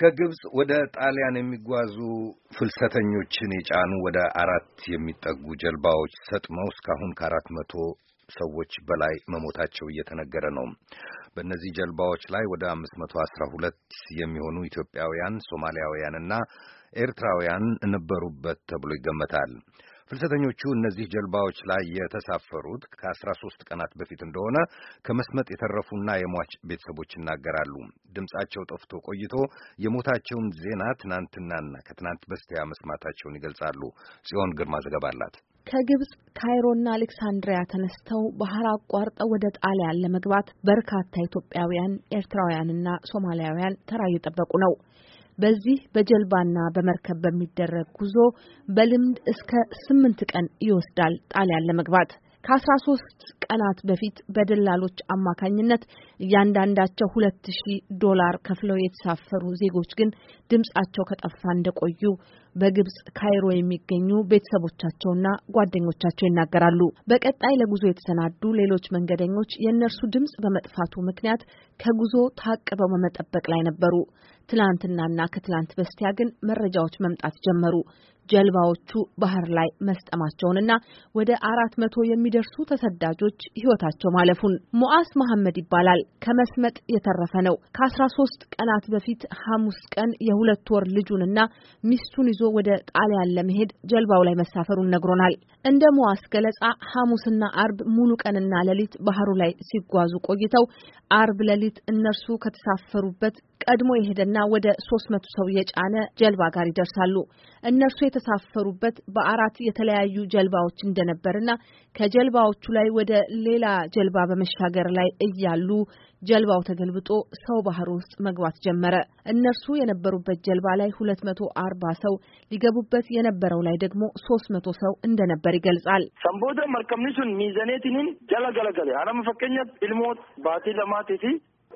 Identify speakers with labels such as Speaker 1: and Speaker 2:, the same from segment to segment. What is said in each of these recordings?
Speaker 1: ከግብፅ ወደ ጣሊያን የሚጓዙ ፍልሰተኞችን የጫኑ ወደ አራት የሚጠጉ ጀልባዎች ሰጥመው እስካሁን ከአራት መቶ ሰዎች በላይ መሞታቸው እየተነገረ ነው። በእነዚህ ጀልባዎች ላይ ወደ አምስት መቶ አስራ ሁለት የሚሆኑ ኢትዮጵያውያን፣ ሶማሊያውያንና ኤርትራውያን ነበሩበት ተብሎ ይገመታል። ፍልሰተኞቹ እነዚህ ጀልባዎች ላይ የተሳፈሩት ከአስራ ሶስት ቀናት በፊት እንደሆነ ከመስመጥ የተረፉና የሟች ቤተሰቦች ይናገራሉ። ድምፃቸው ጠፍቶ ቆይቶ የሞታቸውን ዜና ትናንትናና ከትናንት በስቲያ መስማታቸውን ይገልጻሉ። ጽዮን ግርማ ዘገባ አላት። ከግብጽ ካይሮና አሌክሳንድሪያ ተነስተው ባህር አቋርጠው ወደ ጣሊያን ለመግባት በርካታ ኢትዮጵያውያን፣ ኤርትራውያንና ሶማሊያውያን ተራ እየጠበቁ ነው። በዚህ በጀልባና በመርከብ በሚደረግ ጉዞ በልምድ እስከ ስምንት ቀን ይወስዳል ጣሊያን ለመግባት። ከ ሶስት ቀናት በፊት በደላሎች አማካኝነት እያንዳንዳቸው 2000 ዶላር ከፍለው የተሳፈሩ ዜጎች ግን ድምጻቸው ከጠፋ እንደቆዩ በግብጽ ካይሮ የሚገኙ ቤተሰቦቻቸውና ጓደኞቻቸው ይናገራሉ። በቀጣይ ለጉዞ የተሰናዱ ሌሎች መንገደኞች የእነርሱ ድምጽ በመጥፋቱ ምክንያት ከጉዞ ታቅበው በመጠበቅ ላይ ነበሩ። ትላንትናና ከትላንት በስቲያ ግን መረጃዎች መምጣት ጀመሩ። ጀልባዎቹ ባህር ላይ መስጠማቸውንና ወደ አራት መቶ የሚደርሱ ተሰዳጆች ህይወታቸው ማለፉን ሙዓስ መሐመድ ይባላል። ከመስመጥ የተረፈ ነው። ከአስራ ሶስት ቀናት በፊት ሐሙስ ቀን የሁለት ወር ልጁንና ሚስቱን ይዞ ወደ ጣሊያን ለመሄድ ጀልባው ላይ መሳፈሩን ነግሮናል። እንደ ሙዋስ ገለጻ ሐሙስና አርብ ሙሉ ቀንና ሌሊት ባህሩ ላይ ሲጓዙ ቆይተው አርብ ሌሊት እነርሱ ከተሳፈሩበት ቀድሞ የሄደና ወደ ሶስት መቶ ሰው የጫነ ጀልባ ጋር ይደርሳሉ። እነርሱ የተሳፈሩበት በአራት የተለያዩ ጀልባዎች እንደነበርና ከጀልባዎቹ ላይ ወደ ሌላ ጀልባ በመሻገር ላይ እያሉ ጀልባው ተገልብጦ ሰው ባህር ውስጥ መግባት ጀመረ። እነርሱ የነበሩበት ጀልባ ላይ ሁለት መቶ አርባ ሰው ሊገቡበት የነበረው ላይ ደግሞ ሶስት መቶ ሰው እንደነበር ይገልጻል።
Speaker 2: ሰንቦደ መርከምኒሱን ሚዘኔትንን ጀለገለገለ አረመፈቀኘት ልሞት ባቲ ለማት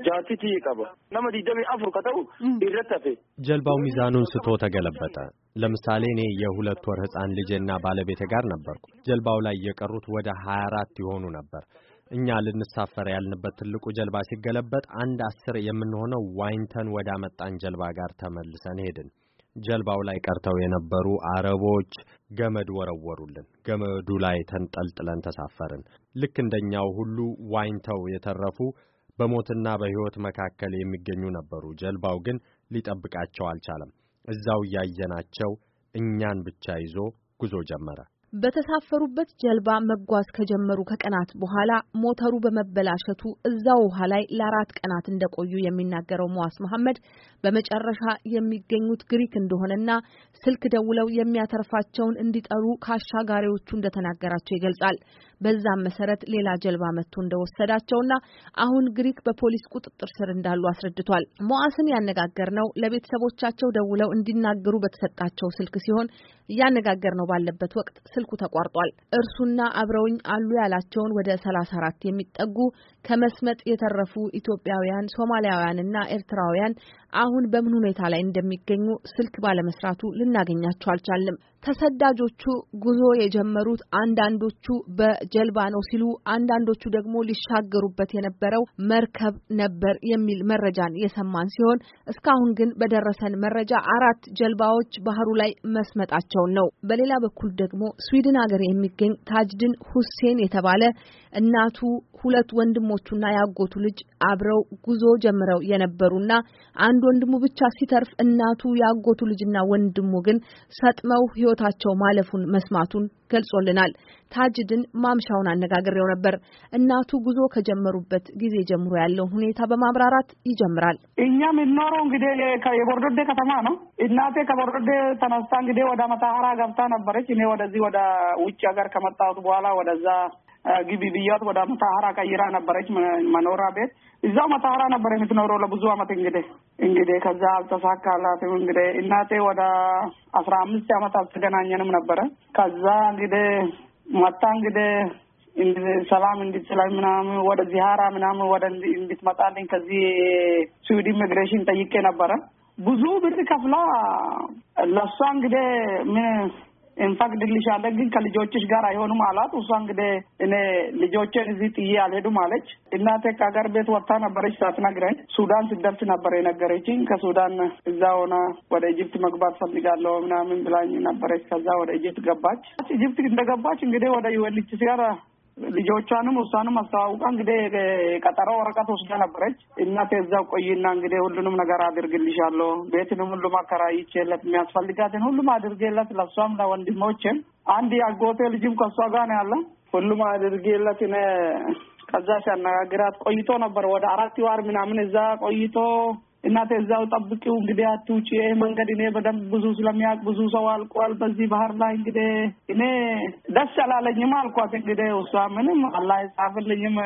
Speaker 2: jaatitii qaba nama ዲደሚ afur ከተው ይረተፈ
Speaker 1: ጀልባው ሚዛኑን ስቶ ተገለበጠ። ለምሳሌ እኔ የሁለት ወር ህፃን ልጄና ባለቤቴ ጋር ነበርኩ። ጀልባው ላይ የቀሩት ወደ 24 ይሆኑ ነበር። እኛ ልንሳፈር ያልንበት ትልቁ ጀልባ ሲገለበጥ አንድ አስር የምንሆነው ዋኝተን ወደ አመጣን ጀልባ ጋር ተመልሰን ሄድን። ጀልባው ላይ ቀርተው የነበሩ አረቦች ገመድ ወረወሩልን። ገመዱ ላይ ተንጠልጥለን ተሳፈርን። ልክ እንደኛው ሁሉ ዋኝተው የተረፉ በሞትና በሕይወት መካከል የሚገኙ ነበሩ። ጀልባው ግን ሊጠብቃቸው አልቻለም። እዛው እያየናቸው እኛን ብቻ ይዞ ጉዞ ጀመረ። በተሳፈሩበት ጀልባ መጓዝ ከጀመሩ ከቀናት በኋላ ሞተሩ በመበላሸቱ እዛው ውሃ ላይ ለአራት ቀናት እንደቆዩ የሚናገረው መዋስ መሐመድ በመጨረሻ የሚገኙት ግሪክ እንደሆነና ስልክ ደውለው የሚያተርፋቸውን እንዲጠሩ ከአሻጋሪዎቹ እንደተናገራቸው ይገልጻል። በዛም መሰረት ሌላ ጀልባ መጥቶ እንደወሰዳቸውና አሁን ግሪክ በፖሊስ ቁጥጥር ስር እንዳሉ አስረድቷል። መዋስን ያነጋገር ነው ለቤተሰቦቻቸው ደውለው እንዲናገሩ በተሰጣቸው ስልክ ሲሆን ነው ባለበት ወቅት ስልኩ ተቋርጧል። እርሱና አብረውኝ አሉ ያላቸውን ወደ 34 የሚጠጉ ከመስመጥ የተረፉ ኢትዮጵያውያን፣ ሶማሊያውያንና ኤርትራውያን አሁን በምን ሁኔታ ላይ እንደሚገኙ ስልክ ባለመስራቱ ልናገኛቸው አልቻለም። ተሰዳጆቹ ጉዞ የጀመሩት አንዳንዶቹ በጀልባ ነው ሲሉ አንዳንዶቹ ደግሞ ሊሻገሩበት የነበረው መርከብ ነበር የሚል መረጃን የሰማን ሲሆን እስካሁን ግን በደረሰን መረጃ አራት ጀልባዎች ባህሩ ላይ መስመጣቸውን ነው። በሌላ በኩል ደግሞ ስዊድን ሀገር የሚገኝ ታጅድን ሁሴን የተባለ እናቱ ሁለት ወንድሞቹና ያጎቱ ልጅ አብረው ጉዞ ጀምረው የነበሩና አንድ ወንድሙ ብቻ ሲተርፍ እናቱ ያጎቱ ልጅና ወንድሙ ግን ሰጥመው ህይወታቸው ማለፉን መስማቱን ገልጾልናል። ታጅድን ማምሻውን አነጋግሬው ነበር። እናቱ ጉዞ ከጀመሩበት ጊዜ ጀምሮ ያለውን ሁኔታ በማብራራት ይጀምራል።
Speaker 2: እኛ የምንኖረው እንግዲህ የቦርዶዴ ከተማ ነው። እናቴ ከቦርዶዴ ተነስታ እንግዲህ ወደ መታሀራ ገብታ ነበረች። እኔ ወደዚህ ወደ ውጭ ሀገር ከመጣሁት በኋላ ወደዛ ግቢ ብያት ወደ መታሀራ ቀይራ ነበረች መኖሪያ ቤት እዛው መታሀራ ነበር የምትኖረው ለብዙ አመት። እንግዲህ እንግዲህ ከዛ አልተሳካላትም። እንግዲህ እናቴ ወደ አስራ አምስት አመት አልተገናኘንም ነበረ። ከዛ እንግዲህ መታ እንግዲህ ሰላም እንድትችላል ምናምን ወደ ዚሃራ ምናምን ወደ እንድትመጣልኝ ከዚህ ስዊድ ኢሚግሬሽን ጠይቄ ነበረ። ብዙ ብር ከፍላ ለእሷ እንግዲህ ምን እንፈቅድልሻለን ግን ከልጆችሽ ጋር አይሆኑም አሏት። እሷ እንግዲህ እኔ ልጆችን እዚህ ጥዬ አልሄዱም አለች። እናቴ ከሀገር ቤት ወጥታ ነበረች ሳትነግረኝ። ሱዳን ስደርስ ነበር የነገረችኝ። ከሱዳን እዛ ሆና ወደ ኢጅፕት መግባት ፈልጋለሁ ምናምን ብላኝ ነበረች። ከዛ ወደ ኢጅፕት ገባች። ኢጅፕት እንደገባች እንግዲህ ወደ ዩኤንኤችሲአር ልጆቿንም እሷንም አስተዋውቃ እንግዲህ ቀጠሮ ወረቀት ወስዳ ነበረች እና ከዛ ቆይና እንግዲህ ሁሉንም ነገር አድርግልሻለሁ፣ ቤትንም ሁሉም አከራይቼለት የሚያስፈልጋትን ሁሉም አድርጌለት ለእሷም ለወንድሞችም አንድ ያጎቴ ልጅም ከእሷ ጋር ነው ያለ ሁሉም አድርጌለት ከዛ ሲያነጋግራት ቆይቶ ነበር። ወደ አራት ዋር ምናምን እዛ ቆይቶ እናቴ እዛው ጠብቂው እንግዲህ አትውጪ። ይህ መንገድ እኔ በደንብ ብዙ ስለሚያውቅ ብዙ ሰው አልቋል በዚህ ባህር ላይ እንግዲህ እኔ ደስ አላለኝም አልኳት። እንግዲህ እሷ ምንም አላህ ይጻፍልኝም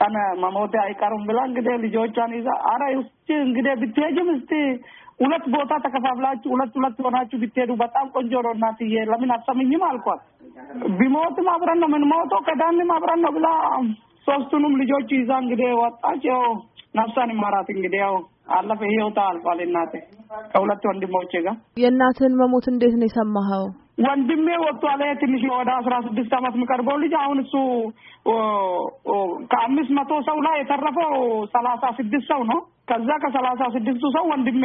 Speaker 2: ቀን መሞቴ አይቀርም ብላ እንግዲህ ልጆቿን ይዛ አረ ውስጭ እንግዲህ ብትሄጅም እስቲ ሁለት ቦታ ተከፋፍላችሁ ሁለት ሁለት ሆናችሁ ብትሄዱ በጣም ቆንጆ ነው እናትዬ፣ ለምን አሰምኝም አልኳት። ቢሞትም አብረን ነው ምን ሞቶ ከዳንም አብረን ነው ብላ ሶስቱንም ልጆች ይዛ እንግዲህ ወጣች። ያው ነፍሳን ይማራት እንግዲህ ያው አለፈ። ህይወቷ አልፏል። እናቴ ከሁለት ወንድሞቼ ጋር
Speaker 1: የእናትህን መሞት እንዴት ነው የሰማኸው?
Speaker 2: ወንድሜ ወጥቷ ላይ ትንሽ ወደ አስራ ስድስት አመት የሚቀርበው ልጅ አሁን እሱ ከአምስት መቶ ሰው ላይ የተረፈው ሰላሳ ስድስት ሰው ነው። ከዛ ከሰላሳ ስድስቱ ሰው ወንድሜ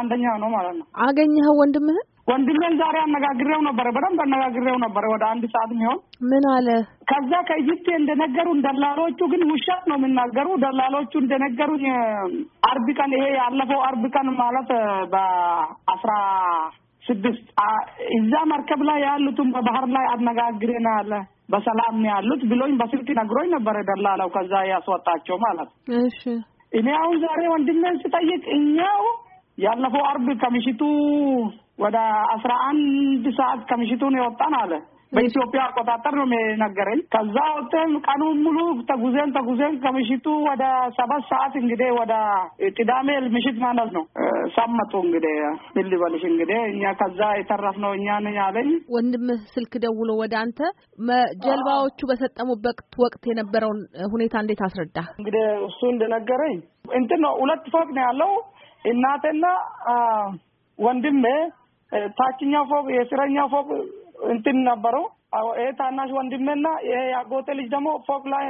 Speaker 2: አንደኛ ነው ማለት ነው። አገኘኸው ወንድምህን? ወንድሜን ዛሬ አነጋግሬው ነበረ። በደንብ አነጋግሬው ነበረ ወደ አንድ ሰዓት የሚሆን ምን አለ። ከዛ ከኢጅፕት እንደነገሩን ደላሎቹ ግን ውሸት ነው የሚናገሩ። ደላሎቹ እንደነገሩኝ አርብ ቀን ይሄ ያለፈው አርብ ቀን ማለት በአስራ ስድስት እዛ መርከብ ላይ ያሉትን በባህር ላይ አነጋግረናል በሰላም ያሉት ብሎኝ በስልክ ነግሮኝ ነበረ ደላላው። ከዛ ያስወጣቸው ማለት እሺ። እኔ አሁን ዛሬ ወንድሜን ስጠይቅ እኛው ያለፈው አርብ ከምሽቱ ወደ አስራ አንድ ሰዓት ከምሽቱን የወጣን አለ። በኢትዮጵያ አቆጣጠር ነው የነገረኝ። ከዛ ወጥተን ቀኑን ሙሉ ተጉዘን ተጉዘን ከምሽቱ ወደ ሰባት ሰዓት እንግዲህ ወደ ቅዳሜ ምሽት ማለት ነው ሰመጡ እንግዲህ ምን ልበልሽ እንግዲህ እኛ ከዛ የተረፍነው እኛ
Speaker 1: ነኝ አለኝ። ወንድምህ ስልክ ደውሎ ወደ አንተ ጀልባዎቹ በሰጠሙበት ወቅት
Speaker 2: የነበረውን ሁኔታ እንዴት አስረዳ? እንግዲህ እሱ እንደነገረኝ እንትን ነው ሁለት ፎቅ ነው ያለው እናቴና ወንድሜ ታችኛው ፎቅ የስረኛው ፎቅ እንትን ነበረው። ይሄ ታናሽ ወንድሜና ይሄ ያጎቴ ልጅ ደግሞ ፎቅ ላይ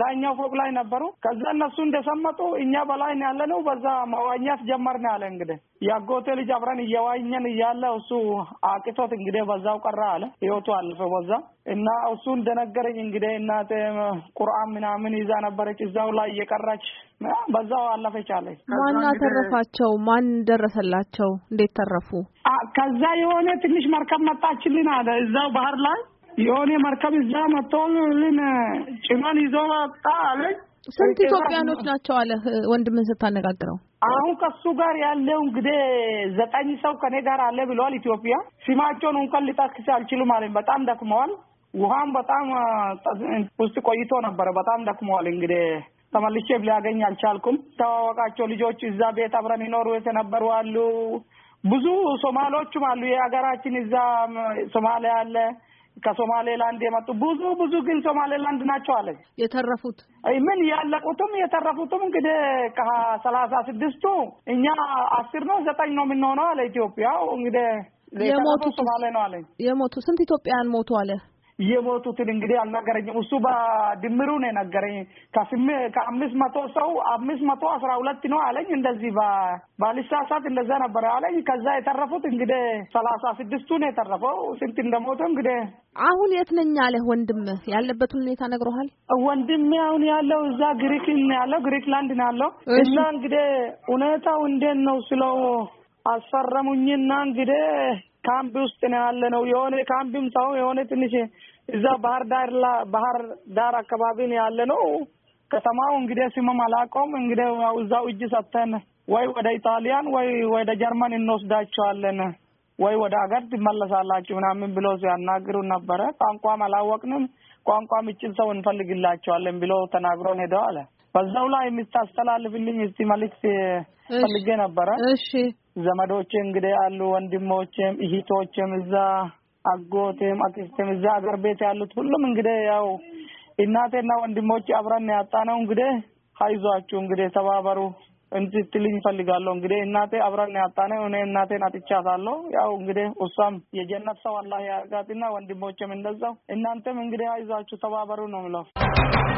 Speaker 2: ላይኛው ፎቅ ላይ ነበሩ። ከዛ እነሱ እንደሰመጡ እኛ በላይ ያለ ነው። በዛ መዋኘት ጀመርን አለ እንግዲህ የአጎቴ ልጅ አብረን እየዋኘን እያለ እሱ አቅቶት እንግዲህ በዛው ቀራ አለ። ህይወቱ አልፈ በዛ እና እሱ እንደነገረኝ እንግዲህ እናቴ ቁርአን ምናምን ይዛ ነበረች እዛው ላይ እየቀራች በዛው አለፈች አለ። ማን አተረፋቸው?
Speaker 1: ማን ደረሰላቸው? እንዴት ተረፉ?
Speaker 2: ከዛ የሆነ ትንሽ መርከብ መጣችልን አለ እዛው ባህር ላይ የሆነ መርከብ እዛ መጥቶ ጭኖን ይዞ መጣ አለኝ። ስንት ኢትዮጵያኖች ናቸው አለ ወንድምን ስታነጋግረው? አሁን ከሱ ጋር ያለው እንግዲህ ዘጠኝ ሰው ከኔ ጋር አለ ብለዋል። ኢትዮጵያ ስማቸውን እንኳን ልጠቅስ አልችልም አለኝ። በጣም ደክመዋል። ውሃም በጣም ውስጥ ቆይቶ ነበረ። በጣም ደክመዋል። እንግዲህ ተመልሼ ሊያገኝ አልቻልኩም። ተዋወቃቸው ልጆች እዛ ቤት አብረን ይኖሩ የተነበሩ አሉ። ብዙ ሶማሌዎችም አሉ። የሀገራችን እዛ ሶማሊያ አለ ከሶማሌላንድ የመጡ ብዙ ብዙ ግን ሶማሌላንድ ናቸው አለ። የተረፉት ምን ያለቁትም የተረፉትም እንግዲህ ከሰላሳ ስድስቱ እኛ አስር ነው ዘጠኝ ነው የምንሆነው አለ ኢትዮጵያው እንግዲህ የሞቱ ሶማሌ ነው አለ። የሞቱ ስንት ኢትዮጵያውያን ሞቱ አለ የሞቱትን እንግዲህ አልነገረኝም። እሱ በድምሩ ነው የነገረኝ። ከአምስት መቶ ሰው አምስት መቶ አስራ ሁለት ነው አለኝ። እንደዚህ ባልሳሳት እንደዛ ነበረ አለኝ። ከዛ የተረፉት እንግዲህ ሰላሳ ስድስቱ ነው የተረፈው። ስንት እንደሞተ እንግዲህ
Speaker 1: አሁን የት ነኝ ወንድም? ያለበትን ሁኔታ ነግሮሃል?
Speaker 2: ወንድም አሁን ያለው እዛ ግሪክ ያለው ግሪክላንድ ነው ያለው እና እንግዲህ ሁኔታው እንዴት ነው ስለው አስፈረሙኝና እንግዲህ ካምፕ ውስጥ ነው ያለ ነው። የሆነ ካምፕም ሳይሆን የሆነ ትንሽ እዛ ባህር ዳር ባህር ዳር አካባቢ ነው ያለ ነው። ከተማው እንግዲህ ስምም አላውቀውም። እንግዲህ እዛው እጅ ሰጥተን ወይ ወደ ኢጣሊያን ወይ ወደ ጀርመን እንወስዳቸዋለን ወይ ወደ ሀገር ትመለሳላችሁ ምናምን ብሎ ሲያናግሩ ነበረ። ቋንቋም አላወቅንም። ቋንቋ የሚችል ሰው እንፈልግላቸዋለን ብሎ ተናግሮን ሄደዋል። በዛው ላይ የምታስተላልፍልኝ እስቲ መልዕክት ፈልጌ ነበረ። እሺ ዘመዶቼ እንግዲህ አሉ፣ ወንድሞቼም እህቶቼም እዛ አጎቴም አክስቴም እዛ አገር ቤት ያሉት ሁሉም እንግዲህ ያው እናቴና ወንድሞች አብረን ያጣ ነው። እንግዲህ አይዟችሁ እንግዲህ ተባበሩ እንድትልኝ ፈልጋለሁ። እንግዲህ እናቴ አብረን ያጣ ነው። እኔ እናቴን አጥቻታለሁ። ያው እንግዲህ እሷም የጀነት ሰው አላህ ያርጋትና ወንድሞችም እንደዛው። እናንተም እንግዲህ አይዟችሁ ተባበሩ ነው ምለው።